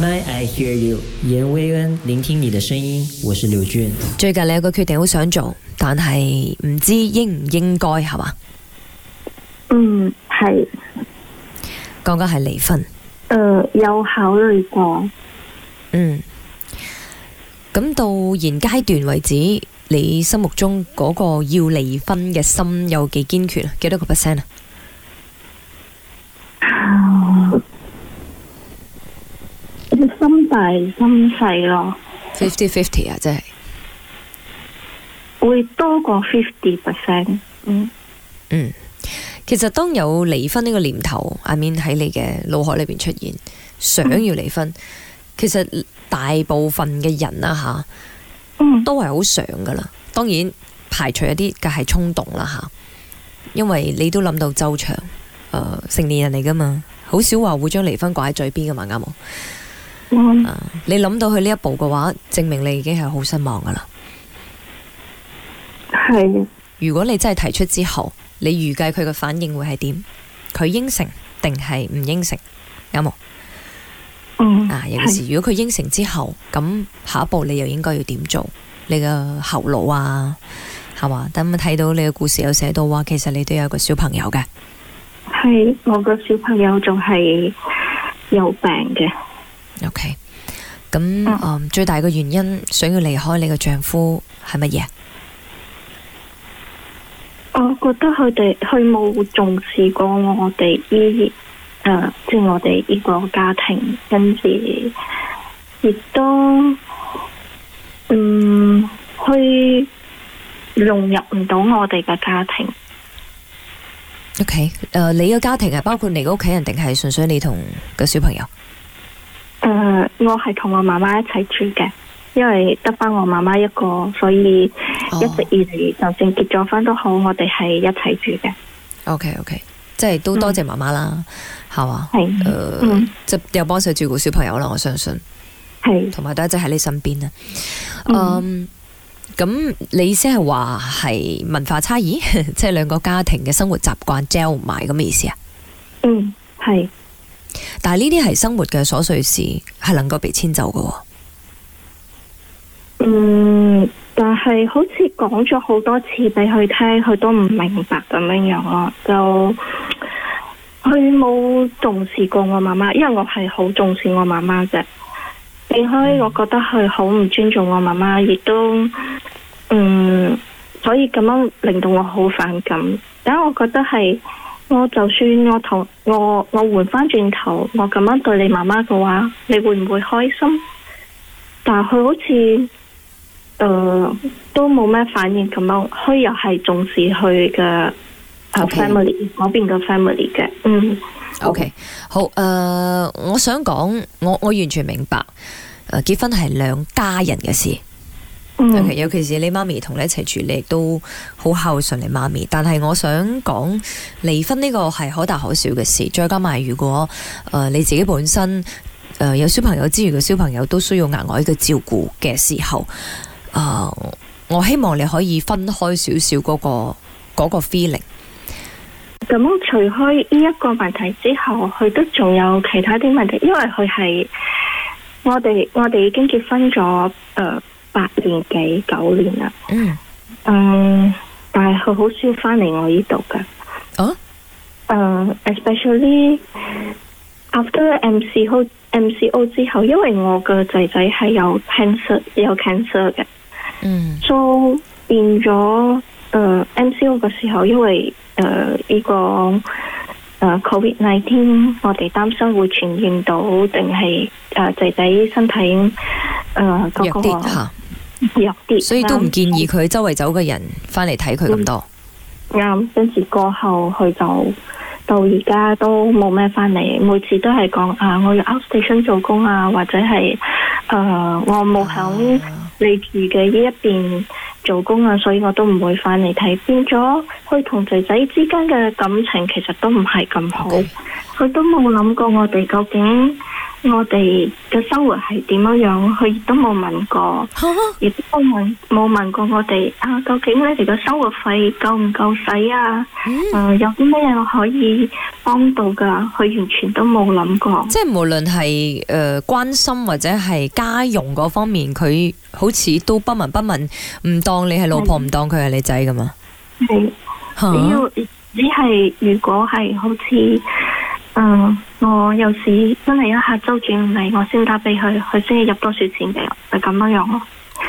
May I hear you？顏薇恩，聆聽你的聲音。我是劉俊。最近你有個決定好想做，但係唔知應唔應該，係嘛？嗯，係。講緊係離婚。誒、呃，有考慮過。嗯。咁到現階段為止，你心目中嗰個要離婚嘅心有幾堅決啊？幾多個 percent？啊？心大心細咯，fifty fifty 啊，即係會多過 fifty percent。嗯嗯，其實當有離婚呢個念頭，I mean 喺你嘅腦海裏邊出現，想要離婚，嗯、其實大部分嘅人啦，吓，都係好想噶啦。當然排除一啲嘅係衝動啦，吓，因為你都諗到周長，誒、呃，成年人嚟噶嘛，好少話會將離婚掛喺嘴邊噶嘛，啱冇？嗯、你諗到佢呢一步嘅話，證明你已經係好失望噶啦。係的。如果你真係提出之後，你預計佢嘅反應會係點？佢應承定係唔應承？有冇？嗯。啊！有時的如果佢應承之後，咁下一步你又應該要點做？你個後路啊，係嘛？等我睇到你嘅故事有寫到話，其實你都有個小、小朋友嘅。係我個小朋友仲係有病嘅。O K，咁最大嘅原因想要離開你嘅丈夫係乜嘢？我覺得佢哋佢冇重視過我哋呢，誒，即係我哋呢個家庭，跟住亦都嗯，去融入唔到我哋嘅家庭。O K，誒，你嘅家庭係包括你嘅屋企人，定係純粹你同個小朋友？誒、呃，我係同我媽媽一齊住嘅，因為得翻我媽媽一個，所以一直以嚟，就算、哦、結咗婚都好，我哋係一齊住嘅。OK，OK，okay, okay. 即係都多謝媽媽啦，係嘛？係，即係又幫手照顧小朋友啦，我相信係，同埋都一直喺你身邊啊。嗯，咁、嗯、你意思係話係文化差異， 即係兩個家庭嘅生活習慣夾唔埋咁嘅意思啊？嗯，係。但係呢啲係生活嘅瑣碎事，係能夠被遷就嘅。嗯，但係好似講咗好多次俾佢聽，佢都唔明白咁樣樣咯。就佢冇重視過我媽媽，因為我係好重視我媽媽嘅。離開我覺得佢好唔尊重我媽媽，亦都嗯，所以咁樣令到我好反感。但我覺得係。我就算我同我我換返轉頭，我咁樣對你媽媽嘅話，你會唔會開心？但係佢好似，誒、呃，都冇咩反應咁樣，佢又係重視佢嘅 family 嗰邊嘅 family 嘅。嗯，OK，, okay. 好誒、呃，我想講，我我完全明白，誒、呃，結婚係兩家人嘅事。Okay, 尤其是你媽咪同你一齊住，你亦都好孝順你媽咪。但係我想講，離婚呢個係可大可小嘅事，再加埋如果誒你自己本身誒有小朋友之餘嘅小朋友都需要額外嘅照顧嘅時候，誒、呃、我希望你可以分開少少嗰個嗰、嗰個 feeling。咁除開呢一個問題之後，佢都仲有其他啲問題，因為佢係我哋我哋已經結婚咗誒。呃八年幾九年啦，嗯，誒，但係佢好少翻嚟我呢度噶，啊，誒，especially after M C O M C O 之後，因為我個仔仔係有 cancer 有 cancer 嘅，嗯，so 變咗誒 M C O 嘅時候，因為誒呢個誒 Covid nineteen 我哋擔心會傳染到，定係誒仔仔身體誒嗰個。弱啲， 所以都唔建議佢周圍走嘅人返嚟睇佢咁多。啱，跟住過後佢就到而家都冇咩返嚟，每次都係講啊，我要 outstation 做工啊，或者係誒、呃、我冇響你住嘅呢一邊做工啊，所以我都唔會返嚟睇。變咗佢同仔仔之間嘅感情其實都唔係咁好，佢 Okay. 都冇諗過我哋究竟。我哋嘅生活係點樣樣？佢亦都冇問過，亦、啊、都問冇問過我哋啊！究竟你哋嘅生活費夠唔夠使啊？誒、嗯呃，有啲咩可以幫到噶？佢完全都冇諗過。即係無論係誒關心或者係家用嗰方面，佢好似都不聞不問，唔當你係老婆，唔的當佢係你仔噶嘛？冇的，只、啊、要只係如果係好似，嗯、呃。我有時真係一下周轉唔嚟，我先打俾佢，佢先入多少錢嘅，就咁、是、樣樣咯。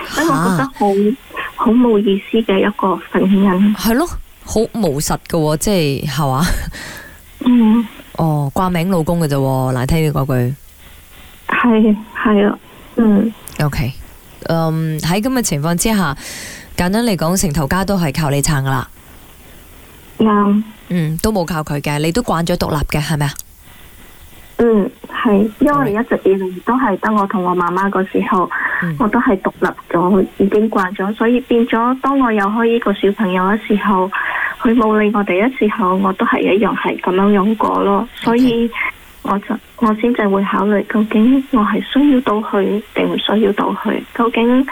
所以我覺得好好冇意思嘅一個婚姻。係咯，好無實嘅，即係係嘛？嗯，哦，掛名老公嘅啫，難聽啲嗰句係係啊，嗯，O K，嗯，喺咁嘅情況之下，簡單嚟講，成頭家都係靠你撐噶啦，啱、嗯，嗯，都冇靠佢嘅，你都慣咗獨立嘅，係咪啊？嗯，係，因為一直以嚟都係得我同我媽媽嗰時候，我都係獨立咗，已經慣咗，所以變咗當我有開依個小朋友嘅時候，佢冇理我哋嘅時候，我都係一樣係咁樣用過咯。所以我就我先至會考慮，究竟我係需要到佢定唔需要到佢，究竟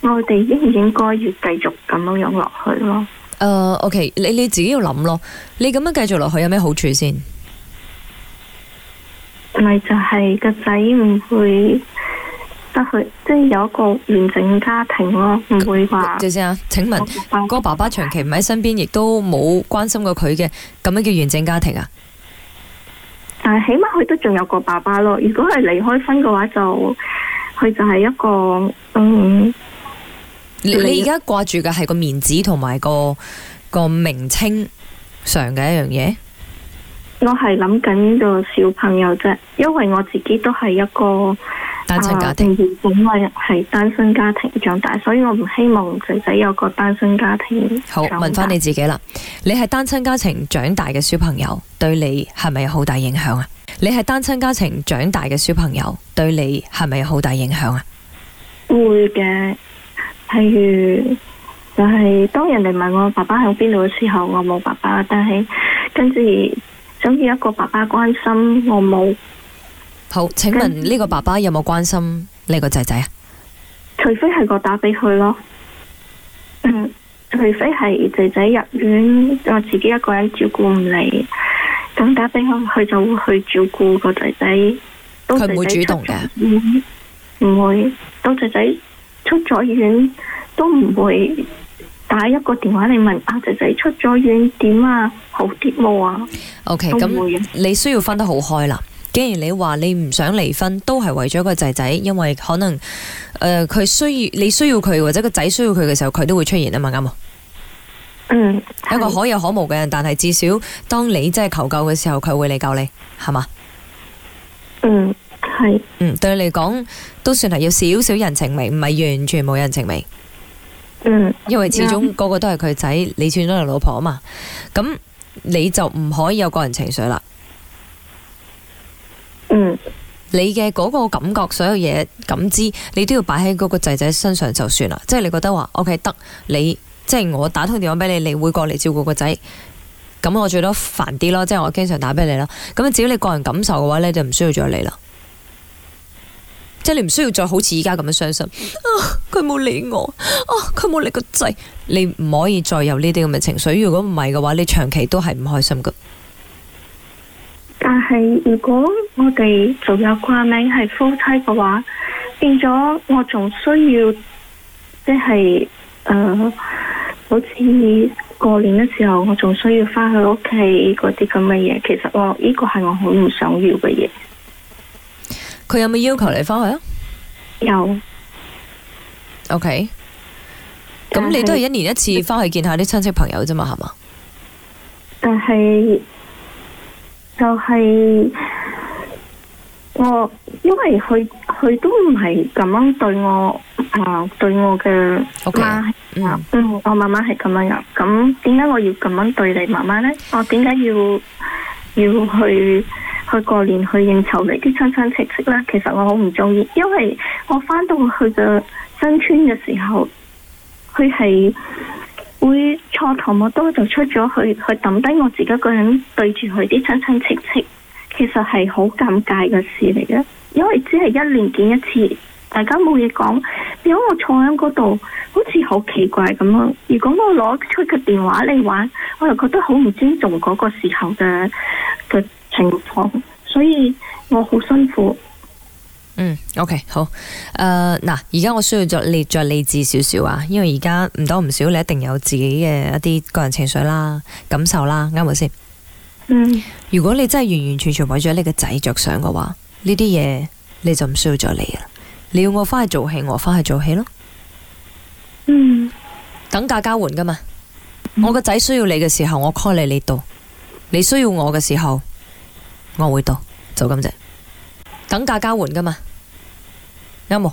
我哋應唔應該要繼續咁樣樣落去咯？誒，OK，你你自己要諗咯，你咁樣繼續落去有咩好處先？咪就係個仔唔會得去，即係有一個完整家庭咯，唔會話。先生，請問，我個爸爸長期唔喺身邊，亦都冇關心過佢嘅，咁樣叫完整家庭啊？但係起碼佢都仲有個爸爸咯。如果係離開婚嘅話就，就佢就係一個，嗯。你而家掛住嘅係個面子同埋個個名稱，那個、上嘅一樣嘢。我係諗緊個小朋友啫，因為我自己都係一個單親家庭，本身係單身家庭長大，所以我唔希望仔仔有個單身家庭。好，問翻你自己啦，你係單親家庭長大嘅小朋友，對你係咪有好大影響啊？你係單親家庭長大嘅小朋友，對你係咪有好大影響啊？會嘅，譬如就係、是、當人哋問我爸爸喺邊度嘅時候，我冇爸爸，但係跟住。想要一個爸爸關心我冇。好，請問呢個爸爸有冇關心呢個仔仔啊？除非係我打俾佢咯，除非係仔仔入院，我自己一個人照顧唔嚟，咁打俾佢，佢就會去照顧個仔仔。佢唔會主動嘅，唔會。到仔仔出咗院都唔會。打一個電話嚟問阿仔、啊、仔出咗院點啊，好啲冇啊？OK，咁、啊、你需要分得好開啦。既然你話你唔想離婚，都係為咗個仔仔，因為可能誒佢、呃、需要你需要佢，或者個仔需要佢嘅時候，佢都會出現啊嘛，啱嗯，嗯，係一個可有可無嘅人，但係至少當你真係求救嘅時候，佢會嚟救你，係嘛？嗯，係。嗯，對你嚟講都算係有少少人情味，唔係完全冇人情味。嗯，因為始終個個都係佢仔，你串咗係老婆啊嘛，咁你就唔可以有個人情緒啦。嗯，你嘅嗰個感覺，所有嘢、感知，你都要擺喺嗰個仔仔身上就算啦。即係你覺得話，OK 得，你即係我打通電話俾你，你會過嚟照顧個仔，咁我最多煩啲咯。即係我經常打俾你咯。咁只要你個人感受嘅話咧，你就唔需要再理啦。即係你唔需要再好似依家咁樣傷心，啊，佢冇理我，啊，佢冇理個仔，你唔可以再有呢啲咁嘅情緒。如果唔係嘅話，你長期都係唔開心噶。但係如果我哋仲有掛名係夫妻嘅話，變咗我仲需要，即係誒，好似過年嘅時候，我仲需要翻去屋企嗰啲咁嘅嘢。其實我呢個係我好唔想要嘅嘢。佢有冇要求你翻去啊？有。OK。咁你都係一年一次翻去見下啲親戚朋友啫嘛，係嘛？但係就係我因為佢佢都唔係咁樣對我啊，對我嘅媽媽，OK，嗯，我媽媽係咁樣噶。咁點解我要咁樣對你媽媽咧？我點解要要去？去過年去應酬你啲親親戚戚咧，其實我好唔中意，因為我翻到去嘅新村嘅時候，佢係會坐堂冇多就出咗去，去抌低我自己個人對住佢啲親親戚戚，其實係好尷尬嘅事嚟嘅，因為只係一年見一次，大家冇嘢講，如果我坐喺嗰度，好似好奇怪咁樣。如果我攞出個電話嚟玩，我又覺得好唔尊重嗰個時候嘅嘅。情況，所以我好辛苦。嗯，OK，好。誒、呃，嗱，而家我需要再理再理智少少啊，因為而家唔多唔少，你一定有自己嘅一啲個人情緒啦、感受啦，啱唔啱先？嗯，如果你真係完完全全為咗你個仔着想嘅話，呢啲嘢你就唔需要再理啦。你要我翻去做戲，我翻去做戲咯。嗯，等價交換噶嘛。嗯、我個仔需要你嘅時候，我 call 你呢度；你需要我嘅時候。我會到，就咁啫。等價交換噶嘛，啱冇？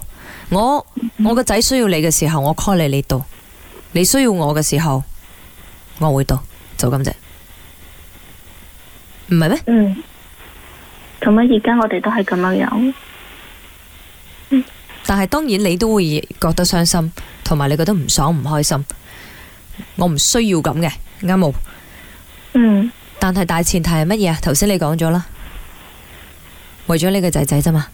我我個仔需要你嘅時候，我 call 你你到；你需要我嘅時候，我會到，就咁啫。唔係咩？嗯。咁啊，而家我哋都係咁樣樣。但係當然你都會覺得傷心，同埋你覺得唔爽唔開心。我唔需要咁嘅，啱冇？嗯。但係大前提係乜嘢啊？頭先你講咗啦，為咗你個仔仔咋嘛。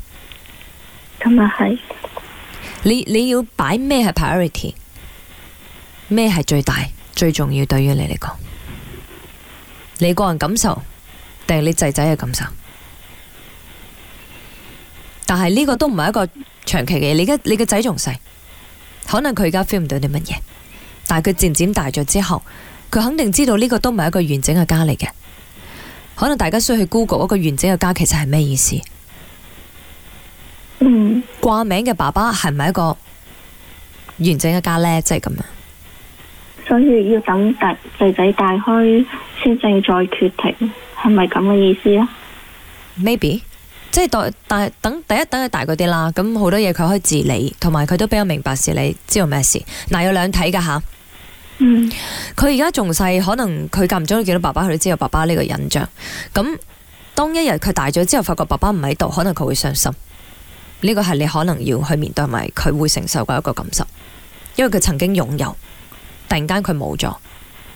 咁日係。 你你要擺咩係 priority？咩係最大最重要？對於你嚟講，你個人感受定係你仔仔嘅感受？但係呢個都唔係一個長期嘅嘢。你嘅你嘅仔仲細，可能佢而家 feel 唔到啲乜嘢。但係佢漸漸大咗之後，佢肯定知道呢個都唔係一個完整嘅家嚟嘅，可能大家需要去 Google 一個完整嘅家其實係咩意思？嗯，掛名嘅爸爸係唔係一個完整嘅家呢？即係咁樣？所以要等仔仔大開，先正再決定係咪咁嘅意思啊？Maybe 即係代大，大等第一等佢大嗰啲啦，咁好多嘢佢可以自理，同埋佢都比較明白事理，知道咩事？嗱，有兩睇噶吓。嗯，佢而家仲細，可能佢間唔中見到爸爸，佢都知有爸爸呢個印象。咁當一日佢大咗之後，發覺爸爸唔喺度，可能佢會傷心。呢個係你可能要去面對埋，佢會承受嘅一個感受，因為佢曾經擁有，突然間佢冇咗。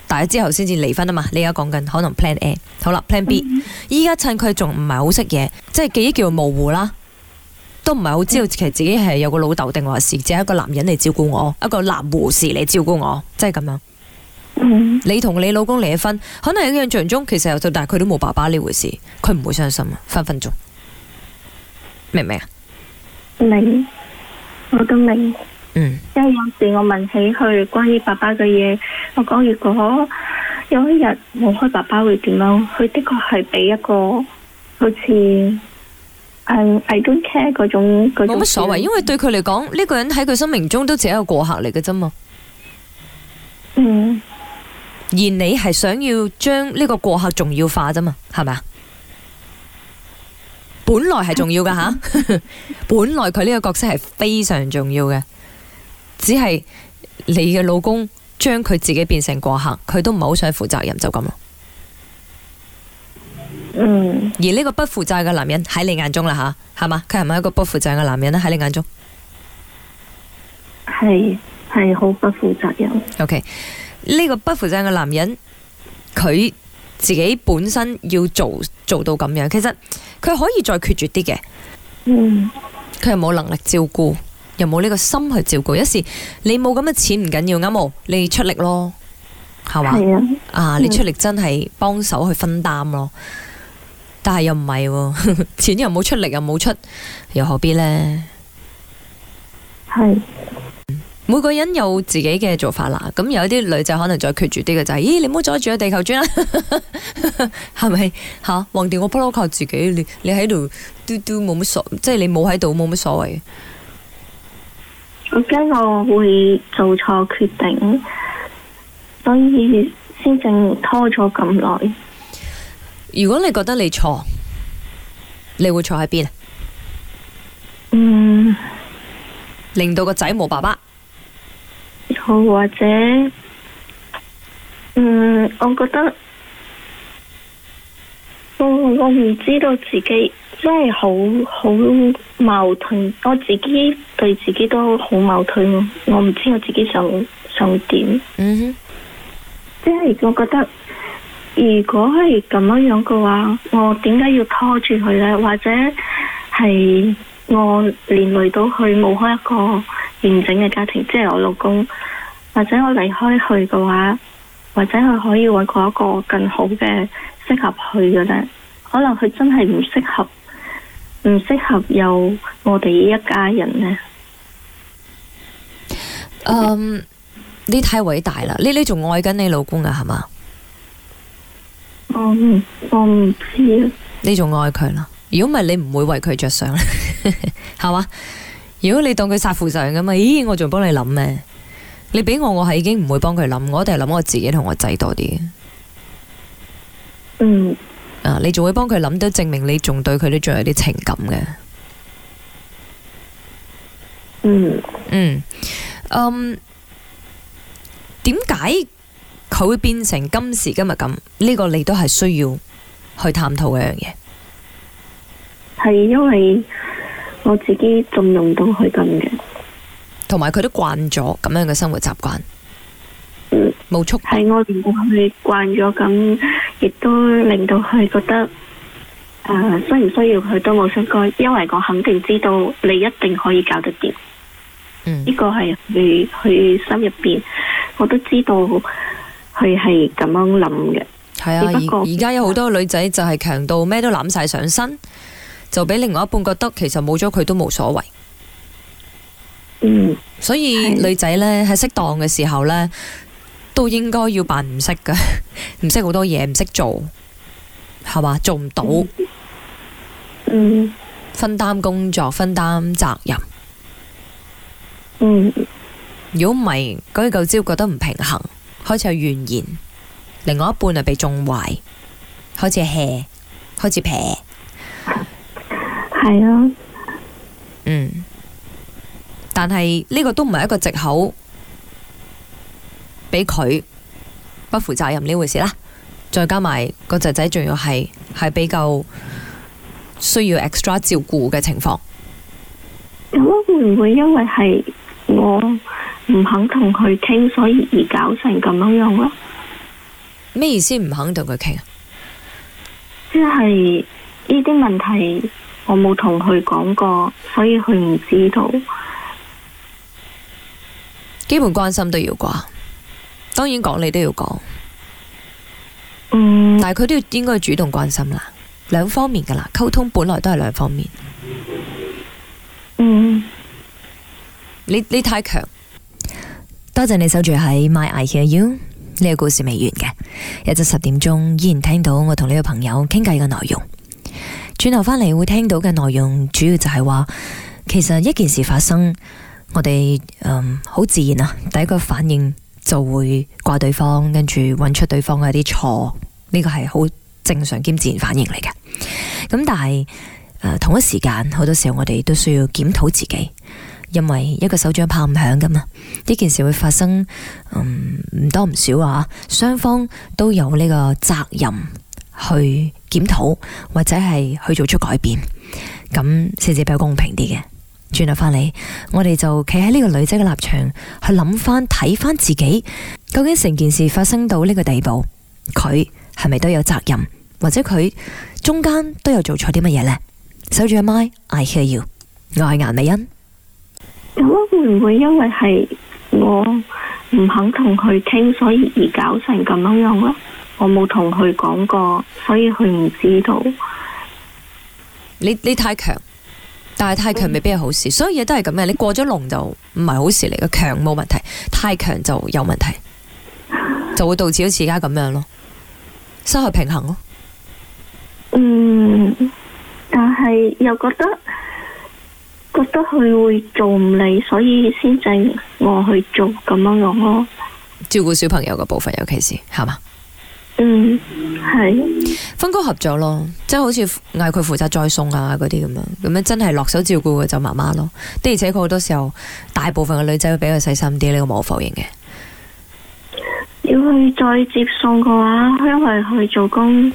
大咗之後先至離婚啊嘛，你而家講緊可能 Plan A，好啦 Plan B，依家、嗯嗯、趁佢仲唔係好識嘢，即係記憶叫模糊啦。都唔係好知道其實自己係有個老豆定話係只係一個男人嚟照顧我，一個男護士嚟照顧我，即係咁樣。嗯、你同你老公離咗婚，可能喺印象中其實就但係佢都冇爸爸呢回事，佢唔會傷心啊，分分鐘。明唔明啊？明，我都明。嗯。即係有時我問起佢關於爸爸嘅嘢，我講，如果有一日冇開爸爸會點樣？佢的確係俾一個好似。誒、um，I don't care 嗰種種冇乜所謂，因為對佢嚟講，呢、嗯、個人喺佢生命中都只係一個過客嚟嘅啫嘛。嗯，而你係想要將呢個過客重要化啫嘛？係咪啊？本來係重要噶吓， 本來佢呢個角色係非常重要嘅，只係你嘅老公將佢自己變成過客，佢都唔係好想負責任就咁咯。嗯，而呢個不負責嘅男人喺你眼中啦吓，係嘛？佢係咪一個不負責嘅男人咧？喺你眼中係係好不負責任。OK，呢個不負責嘅男人，佢自己本身要做做到咁樣，其實佢可以再決絕啲嘅。嗯，佢又冇能力照顧，又冇呢個心去照顧。有時你冇咁嘅錢唔緊要，啱冇？嗯，你出力咯，係嘛？啊，你出力真係幫手去分擔咯。但係又唔係，錢又冇出，力又冇出，又何必呢？係是、嗯，每個人有自己嘅做法啦。咁有一啲女仔可能再決絕啲嘅就係、是，咦你唔好阻住個地球轉啦，係咪吓？橫、啊、掂我不嬲靠自己，你你喺度嘟嘟冇乜所，即係你冇喺度冇乜所謂。我驚我會做錯決定，所以先正拖咗咁耐。如果你覺得你錯，你會錯喺邊啊？嗯，令到個仔冇爸爸，好，或者，嗯，我覺得，我我唔知道自己真係好好矛盾，我自己對自己都好矛盾咯。我唔知我自己想想點。嗯哼，即係我覺得。如果係咁樣樣嘅話，我點解要拖住佢呢？或者係我連累到佢冇開一個完整嘅家庭，即係我老公，或者我離開佢嘅話，或者佢可以搵過一個更好嘅適合佢嘅呢？可能佢真係唔適合，唔適合有我哋一家人呢。嗯，你太偉大啦！你你仲愛緊你老公㗎？係嘛？我我唔知啊。你仲愛佢啦，如果唔係你唔會為佢着想，係嘛？ 如果你當佢殺父仇人噶嘛，咦？我仲幫你諗咩？你俾我，我係已經唔會幫佢諗，我一定諗我自己同我仔多啲。嗯，啊，你仲會幫佢諗，都證明你仲對佢都仲有啲情感嘅。嗯嗯，嗯，點解？佢會變成今時今日咁，呢、這個你都係需要去探討嘅一樣嘢。係因為我自己縱容到佢咁嘅，同埋佢都慣咗咁樣嘅生活習慣。嗯，冇觸我外邊，佢慣咗咁，亦都令到佢覺得誒、呃，需唔需要佢都冇相干，因為我肯定知道你一定可以搞得掂。呢、嗯、個係佢去心入邊，我都知道。佢係咁樣諗嘅，係啊的！而家有好多女仔就係強到咩都攬晒上身，就俾另外一半覺得其實冇咗佢都冇所謂。嗯，所以女仔呢，喺適的當嘅時候呢，都應該要扮唔識嘅，唔識好多嘢，唔識做，係嘛？做唔到。嗯，分擔工作，分擔責任。如果唔係，佢舊朝覺得唔平衡。開始怨言，另外一半係被縱壞，開始 hea，開始撇。係啊， 嗯，但係呢個都唔係一個借口，俾佢不負責任呢回事啦。再加埋個仔仔仲要係係比較需要 extra 照顧嘅情況，咁會唔會因為係我？唔肯同佢傾，所以而搞成咁樣樣咯。咩意思唔肯同佢傾啊？即係呢啲問題，我冇同佢講過，所以佢唔知道。基本關心都要啩？當然講你都要講。嗯。但係佢都要應該主動關心啦，兩方面噶啦，溝通本來都係兩方面。嗯。你你太強。多謝你守住喺 My I Hear You 呢個故事未完嘅，一陣十點鐘依然聽到我同呢個朋友傾偈嘅內容。轉頭返嚟會聽到嘅內容，主要就係話，其實一件事發生，我哋好、嗯、自然啊，第一個反應就會怪對方，跟住揾出對方嘅一啲錯，呢個係好正常兼自然反應嚟嘅。咁但係、呃、同一時間好多時候我哋都需要檢討自己。因為一個手掌拍唔響噶嘛，呢件事會發生，嗯，唔多唔少啊，雙方都有呢個責任去檢討，或者係去做出改變，咁先至比較公平啲嘅。轉頭翻嚟，我哋就企喺呢個女仔嘅立場去諗翻睇翻自己，究竟成件事發生到呢個地步，佢係咪都有責任，或者佢中間都有做錯啲乜嘢呢？手掌媽媽「守住個麥，I hear you，我係顏美欣。咁樣會唔會因為係我唔肯同佢傾，所以而搞成咁樣樣咧？我冇同佢講過，所以佢唔知道。你你太強，但係太強未必係好事。嗯，所有嘢都係咁嘅，你過咗龍就唔係好事嚟嘅。強冇問題，太強就有問題，就會導致好似而家咁樣咯，失去平衡咯。嗯，但係又覺得。覺得佢會做唔嚟，所以先正我去做咁樣樣咯。照顧小朋友嘅部分，尤其是係嘛？嗯，係分工合作咯，即係好似嗌佢負責再送啊嗰啲咁樣，咁樣真係落手照顧嘅就媽媽咯。的而且佢好多時候，大部分嘅女仔會比較細心啲，呢、這個冇否認嘅。要去再接送嘅話，因為去做工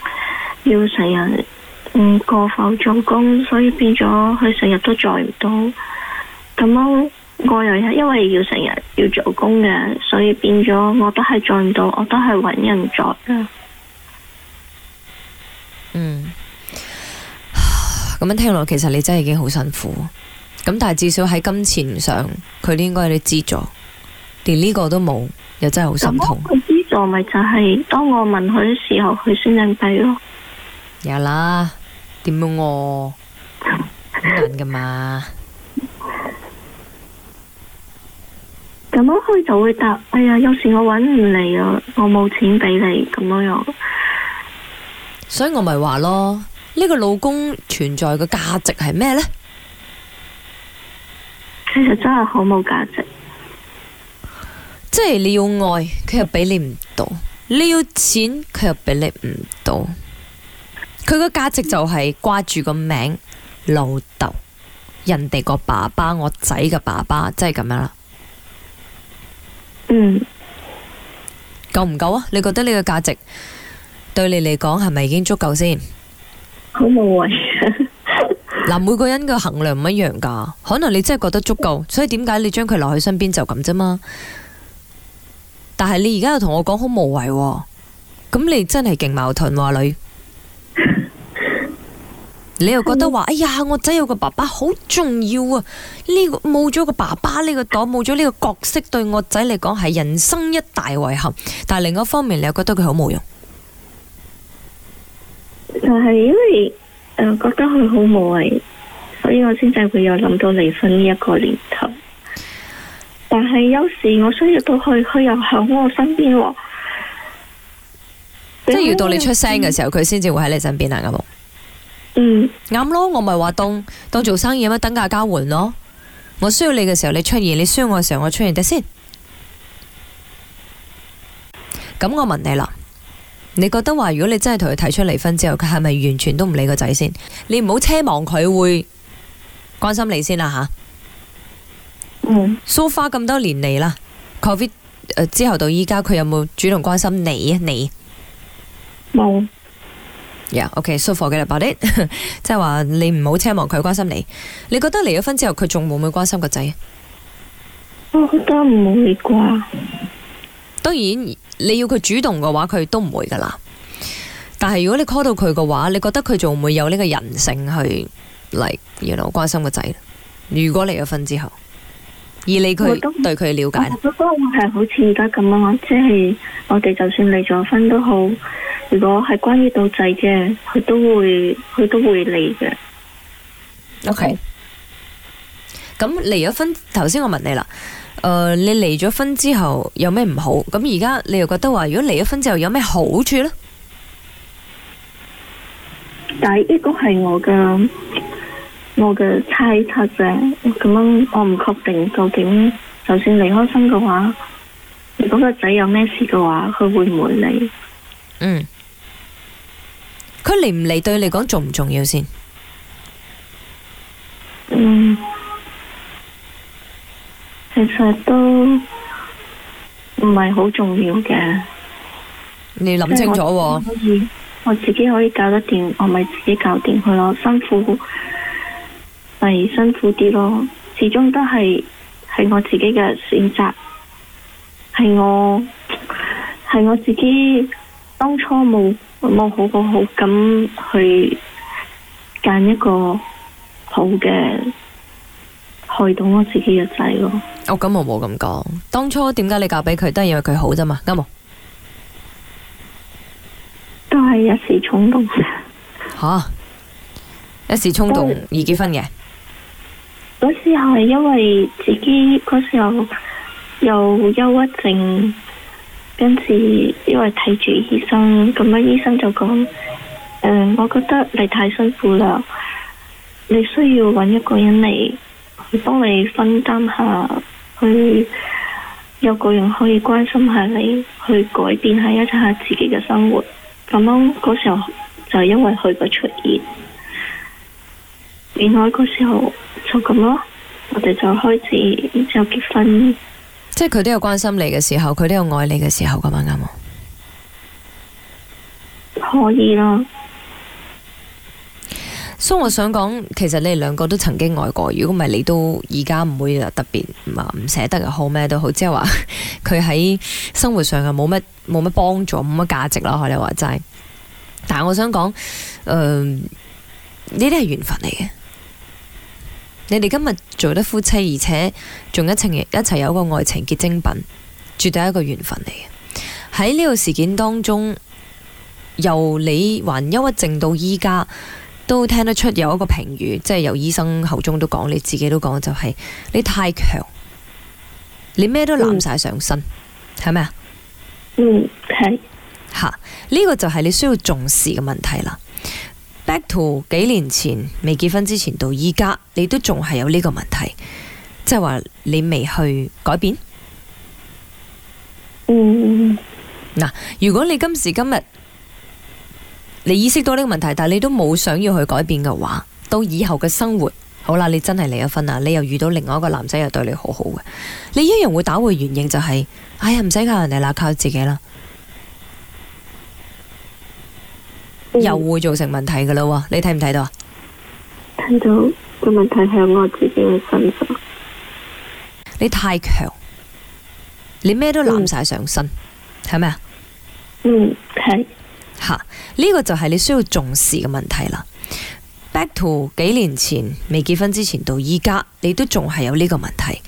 要成日。唔過否做工，所以變咗佢成日都做唔到。咁我又因因為要成日要做工嘅，所以變咗我都係做唔到，我都係揾人做啦。嗯，咁樣聽落，其實你真係已經好辛苦。咁但係至少喺金錢上，佢都應該有啲資助。連呢個都冇，又真係好心痛。資、嗯、助咪就係當我問佢嘅時候，佢先肯俾咯。嗯、有啦。點樣哦啊？難噶嘛？咁樣佢就會答，哎呀，有時我揾唔嚟啊，我冇錢俾你咁樣樣。所以我咪話咯，呢個老公存在嘅價值係咩呢？其實真係好冇價值，即係你要愛佢又俾你唔到，你要錢佢又俾你唔到。佢個價值就係掛住個名老豆，人哋個爸爸，我仔嘅爸爸，即係咁樣啦。嗯，夠唔夠啊？你覺得呢個價值對你嚟講係咪已經足夠先？好無謂。嗱， 每個人嘅衡量唔一樣噶，可能你真係覺得足夠，所以點解你將佢留喺身邊就咁啫嘛？但係你而家又同我講好無謂，咁你真係勁矛盾話你。你你又覺得話，哎呀，我仔有個爸爸好重要啊！呢個冇咗個爸爸呢個檔，冇咗呢個角色，對我仔嚟講係人生一大遺憾。但係另一方面，你又覺得佢好冇用，但係因為誒覺得佢好無謂，所以我先至會有諗到離婚呢一個念頭。但係有時我需要到佢，佢又喺我身邊喎，即係要到你出聲嘅時候，佢先至會喺你身邊啊，嗯，啱、嗯、咯，我咪話當當做生意咁樣，等價交換咯。我需要你嘅時候你出現，你需要我嘅時候我出現得先。咁、嗯、我問你啦，你覺得話如果你真係同佢提出離婚之後，佢係咪完全都唔理個仔先？你唔好奢望佢會關心你先啦、啊、吓。啊、嗯 so 花咁多年嚟啦，covid、呃、之後到依家，佢有冇主動關心你啊？你冇。嗯呀、yeah,，OK，舒服嘅啦，但係即係話你唔好奢望佢關心你。你覺得離咗婚之後佢仲會唔會關心個仔？我覺得唔會啩。當然，你要佢主動嘅話，佢都唔會噶啦。但係如果你 call 到佢嘅話，你覺得佢仲會有呢個人性去嚟原來關心個仔？如果離咗婚之後，而你佢都對佢了解，我係好似而家咁啊，即係我哋就算離咗婚都好。如果係關於到仔嘅，佢都會佢都會嚟嘅。OK，咁離咗婚，頭先我問你啦，誒、呃，你離咗婚之後有咩唔好？咁而家你又覺得話，如果離咗婚之後有咩好處呢？但係呢個係我嘅我嘅猜測啫，咁樣我唔確定究竟，就算離開身嘅話，如果個仔有咩事嘅話，佢會唔會嚟？嗯。佢嚟唔嚟對你嚟講重唔重要先？嗯，其實都唔係好重要嘅。你諗清楚。可以， 我自己可以搞得掂，我咪自己搞掂佢咯。辛苦咪、就是、辛苦啲咯，始終都係係我自己嘅選擇，係我係我自己當初冇。我冇好好好咁去揀一個好嘅，害到我自己嘅仔咯。哦，咁我冇咁講。當初點解你嫁俾佢，都係因為佢好啫嘛，啱都係一時衝動、， 啊、動。吓是，一時衝動而結婚嘅？嗰時係因為自己嗰時候有憂鬱症。跟住，因為睇住醫生，咁樣醫生就講，誒、嗯，我覺得你太辛苦啦，你需要揾一個人嚟去幫你分擔下，去有個人可以關心下你，去改變下、優化下自己嘅生活。咁樣嗰時候就因為佢嘅出現，戀愛嗰時候就咁咯，我哋就開始然之後結婚。即係佢都有關心你嘅時候，佢都有愛你嘅時候噉樣，啱嗎？可以囉。所以、so, 我想講，其實你哋兩個都曾經愛過。如果唔係你都而家唔會特別唔啊唔捨得嘅，好咩都好，即係話佢喺生活上啊冇乜冇乜幫助，冇乜價值囉。可你話齋？但係我想講，嗯，呢啲係緣分嚟嘅。你哋今日做得夫妻，而且仲一情一齊有一個愛情結晶品，絕對係一個緣分嚟嘅。喺呢個事件當中，由你患憂鬱症到依家，都聽得出有一個評語，即係由醫生口中都講，你自己都講，就係、是、你太強，你咩都攬晒上身，係咪啊？嗯，係吓呢個就係你需要重視嘅問題啦。Back to 幾年前未結婚之前到依家，你都仲係有呢個問題，即係話你未去改變。嗯，嗱，如果你今時今日你意識到呢個問題，但係你都冇想要去改變嘅話，到以後嘅生活好啦，你真係離咗婚啦，你又遇到另外一個男仔又對你好好嘅，你一樣會打回原形，就是，就係哎呀唔使靠人哋啦，靠自己啦。又會造成問題㗎喇，你睇唔睇到啊？睇到，個問題喺我自己嘅身上。你太強，你咩都攬晒上身，係咪啊？嗯，係。吓，呢個就係你需要重視嘅問題啦。Back to 幾年前未結婚之前到依家，你都仲係有呢個問題，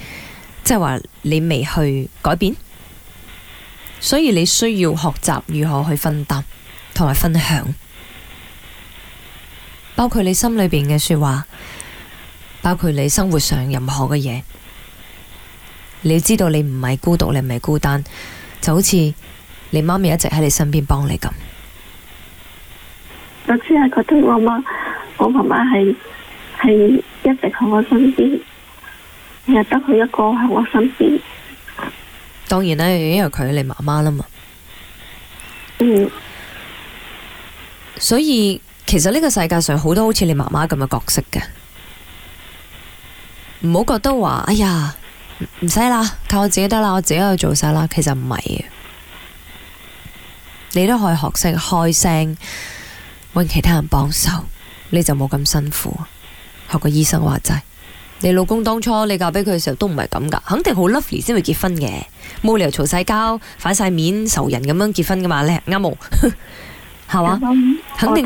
即係話你未去改變，所以你需要學習如何去分擔同埋分享。包括你心裏邊嘅說話，包括你生活上任何嘅嘢，你知道你唔係孤獨，你唔係孤單，就好似你媽咪一直喺你身邊幫你咁。我只係覺得我媽，我媽媽係係一直喺我身邊，日得佢一個喺我身邊。當然咧，因為佢係你媽媽啦嘛。嗯。所以。其實呢個世界上好多好似你媽媽咁嘅角色嘅，唔好覺得話，哎呀，唔使啦，靠我自己得啦，我自己去做晒啦。其實唔係嘅，你都可以學識開聲，搵其他人幫手，你就冇咁辛苦。學個醫生話齋，你老公當初你嫁俾佢嘅時候都唔係咁噶，肯定好 lovely 先會結婚嘅，冇理由嘈晒交、反晒面、仇人咁樣結婚噶嘛？你啱冇？ 嗯、肯定，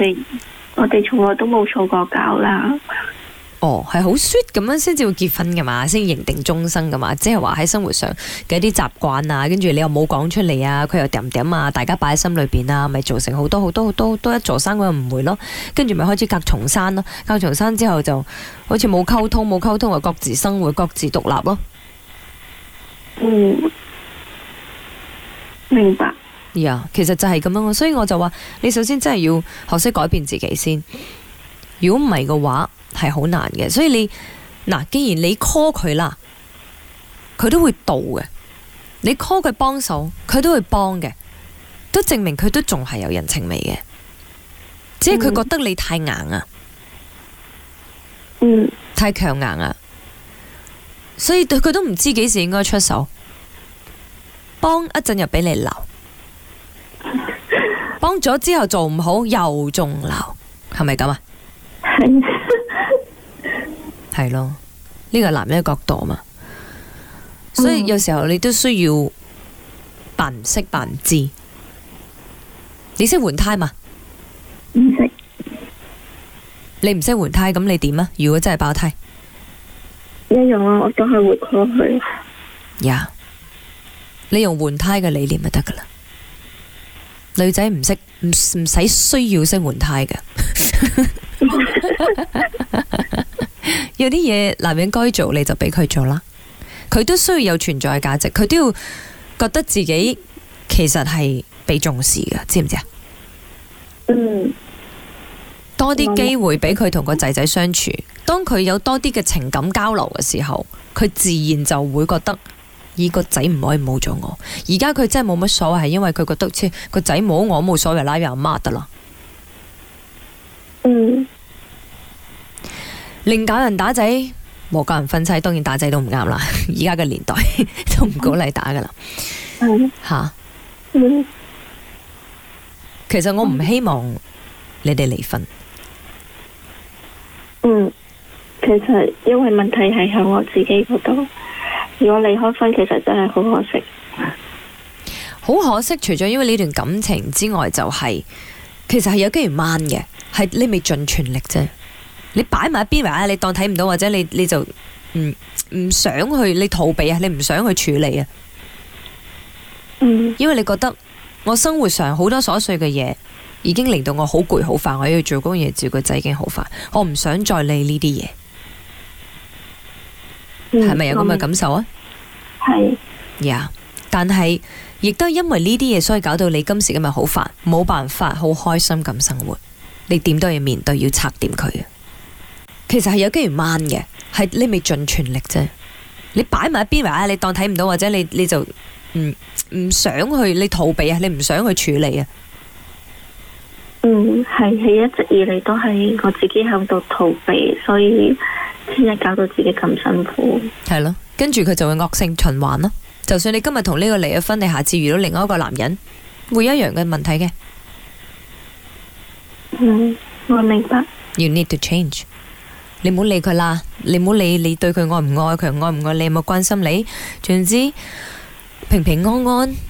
我哋我哋從來都冇吵過交啦。哦，係好 sweet 咁樣先至會結婚噶嘛，先認定終生噶嘛。即係話喺生活上嘅一啲習慣啊，跟住你又冇講出嚟啊，佢又點點啊，大家擺喺心裏邊啊，咪造成好多好多好多多一座山嘅誤會咯。跟住咪開始隔重山咯，啊，隔重山之後就好似冇溝通，冇溝通啊，各自生活，各自獨立咯。嗯，明白。呀，yeah, 其實就係咁樣，所以我就話你首先真係要學識改變自己先。如果唔係嘅話，係好難嘅。所以你嗱，既然你 call 佢啦，佢都會到嘅。你 call 佢幫手，佢都會幫嘅，都證明佢都仲係有人情味嘅。只係佢覺得你太硬啊，mm hmm. 太強硬啊，所以佢都唔知幾時應該出手，幫一陣又俾你鬧。幫咗之後做唔好又仲鬧，係咪咁啊？係係 咯，呢個男人嘅角度嘛，所以、嗯、有時候你都需要扮唔識，扮唔知。你識換胎嘛？唔識用。你唔識換胎，咁你點啊？如果真係爆胎？一樣啊，我都係活過去。呀，yeah. 你用換胎嘅理念咪得噶啦？女仔唔識，唔唔使需要識換胎嘅， 有啲嘢男人該做，你就俾佢做啦。佢都需要有存在嘅價值，佢都要覺得自己其實係被重視嘅，知唔知啊？嗯，多啲機會俾佢同個仔仔相處，當佢有多啲嘅情感交流嘅時候，佢自然就會覺得。以個仔唔可以冇咗我，而家佢真係冇乜所謂，係因為佢覺得，即個仔冇我冇所謂，拉佢阿媽得啦。嗯。另教人打仔，冇教人分妻，當然打仔都唔啱啦。而家嘅年代 都唔鼓勵打噶啦。嗯。吓哈。嗯。其實我唔希望、嗯、你哋離婚。嗯。其實因為問題係喺我自己嗰度。如果離開婚，其實真係好可惜。好可惜，除咗因為呢段感情之外，就是，就係其實係有幾唔慢嘅，係你未盡全力啫。你擺埋一邊埋、啊，你當睇唔到，或者你你就唔唔想去，你逃避啊，你唔想去處理啊。嗯，因為你覺得我生活上好多瑣碎嘅嘢，已經令到我好攰好煩，我要做工嘢，照顧個仔已經好煩，我唔想再理呢啲嘢。係咪、嗯、有咁嘅感受啊？係是，呀、yeah,，但係亦都因為呢啲嘢，所以搞到你今時今日好煩，冇辦法好開心咁生活。你點都要面對，要拆掂佢啊！其實係有機會慢嘅，係你未盡全力啫。你擺埋一邊埋、啊，你當睇唔到，或者你你就唔唔想去，你逃避啊，你唔想去處理啊。嗯，係，係一直以嚟都係我自己喺度逃避，所以今日搞到自己咁辛苦。係咯，跟住佢就會惡性循環咯。就算你今日同呢個離咗婚，你下次遇到另外一個男人，會一樣嘅問題嘅。嗯，我明白。You need to change 你。你唔好理佢啦，你唔好理你對佢愛唔愛佢，愛唔愛你，有冇關心你，總之平平安安。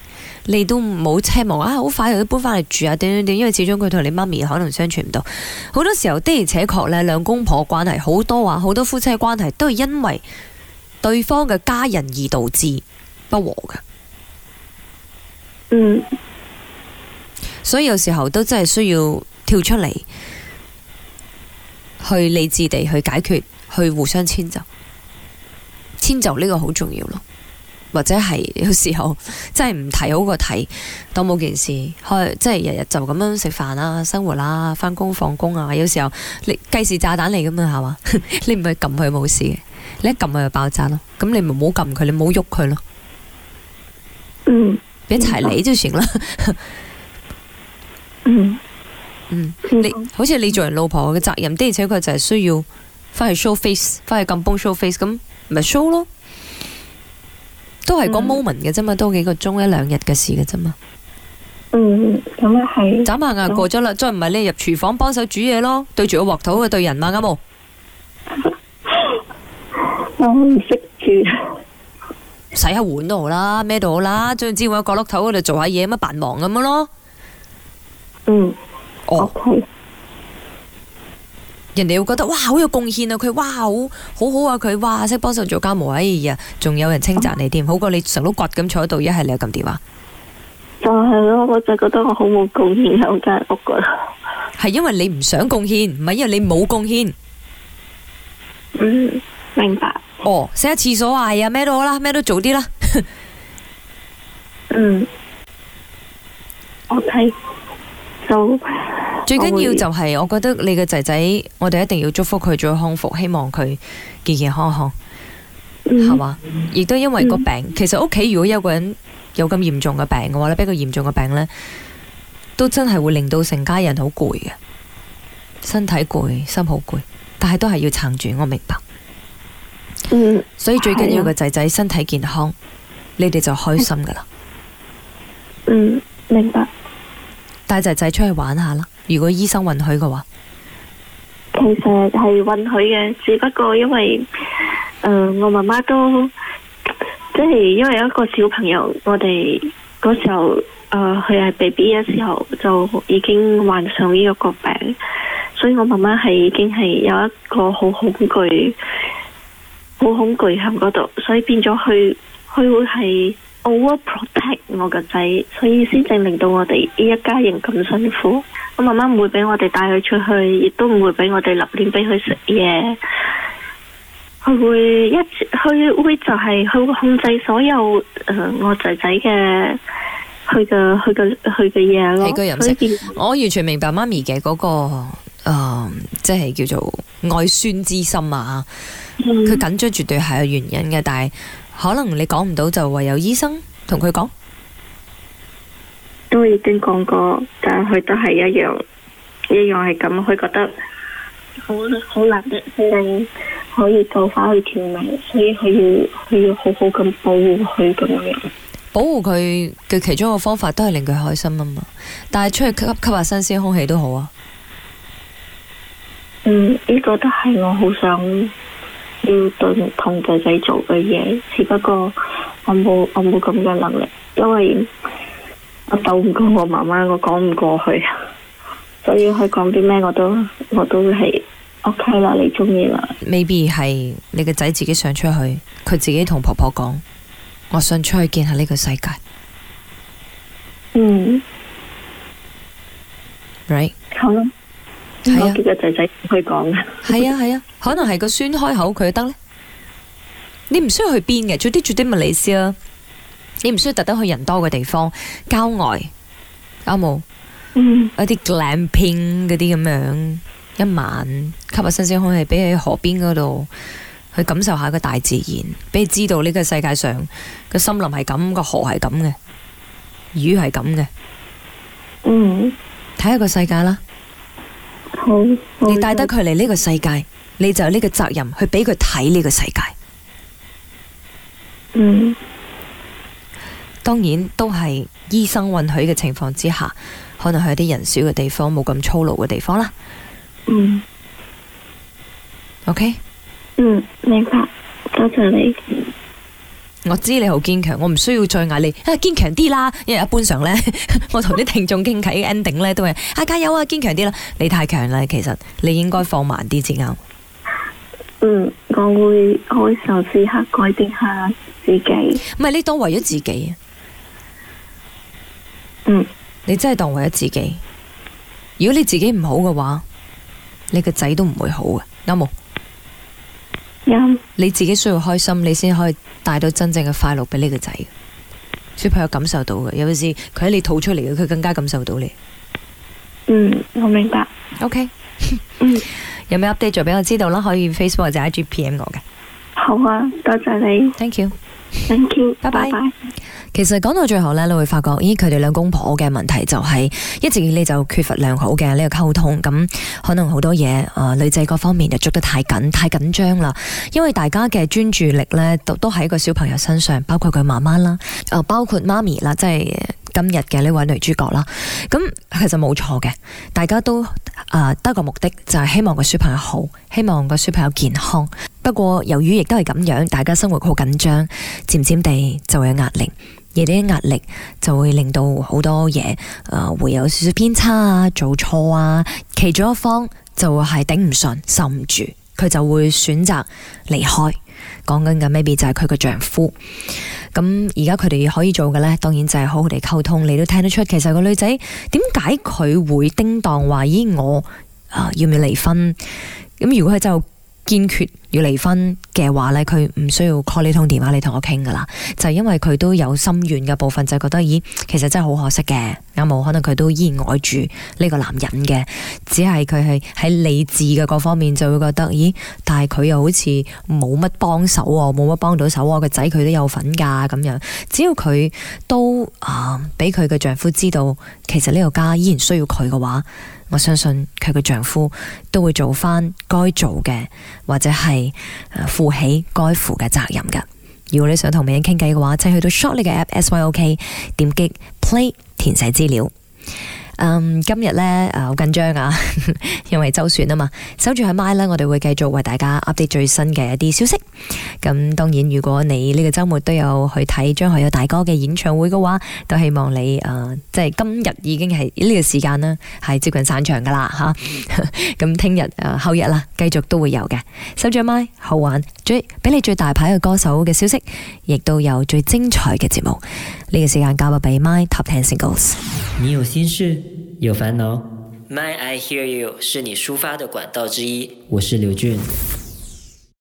你都冇奢望啊！好快又搬翻嚟住啊！點點點，因為始終佢同你媽咪可能相處唔到，好多時候的而且確呢，兩公婆關係好多話，好多夫妻關係都係因為對方嘅家人而導致不和嘅。嗯，所以有時候都真係需要跳出嚟，去理智地去解決，去互相遷就，遷就呢個好重要咯。或者係有時候真係唔提好過提，當冇件事開，即係日日就咁樣食飯啦、生活啦、啊、翻工放工啊。有時候你計時炸彈嚟噶嘛，係嘛？ 你唔係撳佢冇事嘅，你一撳佢就爆炸咯。咁你唔好撳佢，你唔好喐佢咯。嗯，俾齊你就行啦。嗯嗯，你嗯好似你做人老婆嘅、嗯、責任，的而且確就係需要翻去 show face，翻去咁崩 show face，咁咪 show 咯。都係個 moment 嘅啫嘛，都幾個鐘一兩日嘅事嘅啫嘛。嗯，咁啊係。眨下眼過咗啦，再唔係你入廚房幫手煮嘢咯，對住個鑊頭嘅對人嘛啱冇。我唔識煮，洗下碗都好啦，咩都好啦，總之我喺角落頭嗰度做下嘢乜啊，繁忙咁樣咯。嗯，哦。Oh. Okay. 人哋會覺得，哇好有貢獻啊，佢，哇好好好啊，佢，哇識幫手做家務，哎呀，仲有人稱讚你添，哦、好過你成碌掘咁坐喺度，一係你又撳電話，就係咯，我就覺得我好冇貢獻響間屋噶啦。係因為你唔想貢獻，唔係因為你冇貢獻，嗯，明白，哦，洗下廁所啊，係、哎、啊，咩都好啦，咩都做啲啦， 嗯，我睇早。最緊要就係，我覺得你個仔仔，我哋會 一定要祝福佢早康復，希望佢健健康康，係嘛？亦都因為個病，其實屋企如果有個人有咁嚴重嘅病嘅話呢，比較嚴重嘅病呢，都真係會令到成家人好攰嘅，身體攰，心好攰，但係都係要撐住，我明白。嗯、所以最緊要嘅仔仔身體健康，嗯、你哋就開心噶啦。嗯，嗯、明白。帶仔仔出去玩下啦。如果醫生允許嘅話，其實係允許嘅，只不過因為，誒、呃，我媽媽都即係因為有一個小朋友，我哋嗰時候誒佢係 BB 嘅時候就已經患上呢一個病，所以我媽媽係已經係有一個好恐懼、好恐懼喺嗰度，所以變咗佢，佢會係 overprotect 我個仔，所以先至令到我哋呢一家人咁辛苦。媽媽我媽媽唔會俾我哋帶佢出去，亦都唔會俾我哋留點俾佢食嘢。佢會一去會就係、是、佢控制所有誒、呃、我仔仔嘅、佢嘅、佢嘅、佢嘅嘢咯。佢邊、那個、我完全明白媽咪嘅嗰個誒、呃，即係叫做愛孫之心啊！佢緊張絕對係有原因嘅，但係可能你講唔到，就唯有醫生同佢講。都已經講過，但係佢都係一樣，一樣係咁，佢覺得好難，好難，令可以做翻去條命，所以佢要，佢要好好咁保護佢咁樣。保護佢嘅其中一個方法都係令佢開心啊嘛，但係出去吸吸下新鮮空氣都好啊。嗯，呢個都係我好想要對同仔仔做嘅嘢，只不過我冇我冇咁嘅能力，因為。我鬥唔過我媽媽，我講唔過去，所以佢講啲咩我都我都係 OK 啦，你中意啦。Maybe 係你個仔自己想出去，佢自己同婆婆講，我想出去見下呢個世界。嗯，Right 好，係啊，呢個仔仔佢講嘅，係啊，係啊，可能係個孫開口佢得呢？你唔需要去邊嘅，早啲早啲咪你先。你唔需要特登去人多嘅地方，郊外啱冇？Mm hmm. 一啲 glamping 嗰啲咁樣，一晚吸下新鮮空氣，俾你喺河邊嗰度去感受一下一個大自然，俾你知道呢個世界上個森林係咁，個河係咁嘅，魚係咁嘅。嗯、mm，睇、hmm. 下個世界啦。好，你帶得佢嚟呢個世界，你就有呢個責任去俾佢睇呢個世界。嗯、mm。Hmm. 當然都係醫生允許嘅情況之下，可能去啲人少嘅地方，冇咁粗魯嘅地方啦。嗯。OK。嗯，明白。多謝你。我知你好堅強，我唔需要再嗌你，堅強啲啦。因為一般上呢， 我同啲聽眾傾偈 ending 咧， 都係啊加油啊，堅強啲啦。你太強啦，其實你應該放慢啲至啱。嗯，我會，我會嘗試下改變下自己。唔係你當為咗自己啊！嗯，你真係當為咗自己。如果你自己唔好嘅話，你個仔都唔會好嘅。啱冇？有、嗯、你自己需要開心，你先可以帶到真正嘅快樂俾呢個仔。小朋友感受到嘅，尤其是佢喺你吐出嚟嘅，佢更加感受到你。嗯，我明白。OK， 嗯、 有咩 update 就俾我知道啦，可以 Facebook 或者 IGPM 我嘅。好啊，多謝你。Thank you，Thank you，拜拜。其實講到最後呢，你會發覺，咦，佢哋兩公婆嘅問題就係、是、一直以嚟就缺乏良好嘅呢、這個溝通，咁可能好多嘢啊、呃、女仔各方面就捉得太緊、太緊張啦。因為大家嘅專注力呢，都都喺個小朋友身上，包括佢媽媽啦、呃，包括媽咪啦，即係今日嘅呢位女主角啦。咁其實冇錯嘅，大家都啊、呃、得個目的就係、是、希望個小朋友好，希望個小朋友健康。不過由於亦都係咁樣，大家生活好緊張，漸漸地就會有壓力。嘢啲壓力就會令到好多嘢啊、呃，會有少少偏差啊，做錯啊，其中一方就係頂唔順，受唔住，佢就會選擇離開。講緊嘅 maybe 就係佢嘅丈夫。咁而家佢哋可以做嘅呢，當然就係好好地溝通。你都聽得出，其實個女仔點解佢會叮當話？咦，我啊，要唔要離婚？咁如果佢就堅決要離婚嘅話呢，佢唔需要 call 呢通電話嚟同我傾噶啦，就因為佢都有心願嘅部分，就覺得咦，其實真係好可惜嘅，有冇可能佢都依然愛住呢個男人嘅，只係佢係喺理智嘅各方面就會覺得咦，但係佢又好似冇乜幫手啊，冇乜幫到手啊，個仔佢都有份噶咁樣，只要佢都啊俾佢嘅丈夫知道，其實呢個家依然需要佢嘅話。我相信佢嘅丈夫都會做翻該做嘅，或者係負起該負嘅責任㗎。如果你想同女人傾偈嘅話，即係去到 Shortly 嘅 app S Y O K，點擊 Play，填寫資料。Um, 今日呢，好、啊、緊張啊， 因為周旋啊嘛，守住喺 MY 呢，我哋會繼續為大家 update 最新嘅一啲消息。咁當然，如果你呢個周末都有去睇張學友大哥嘅演唱會嘅話，都希望你誒、啊，即係今日已經係呢個時間啦，係接近散場噶啦嚇。咁聽日誒後日啦，繼續都會有嘅。守住 MY 好玩，最俾你最大牌嘅歌手嘅消息，亦都有最精彩嘅節目。呢、這個時間交個俾 MY Top Ten Singles。你有心事？有煩惱，MY I HEAR U？是你抒發的管道之一。我是劉俊。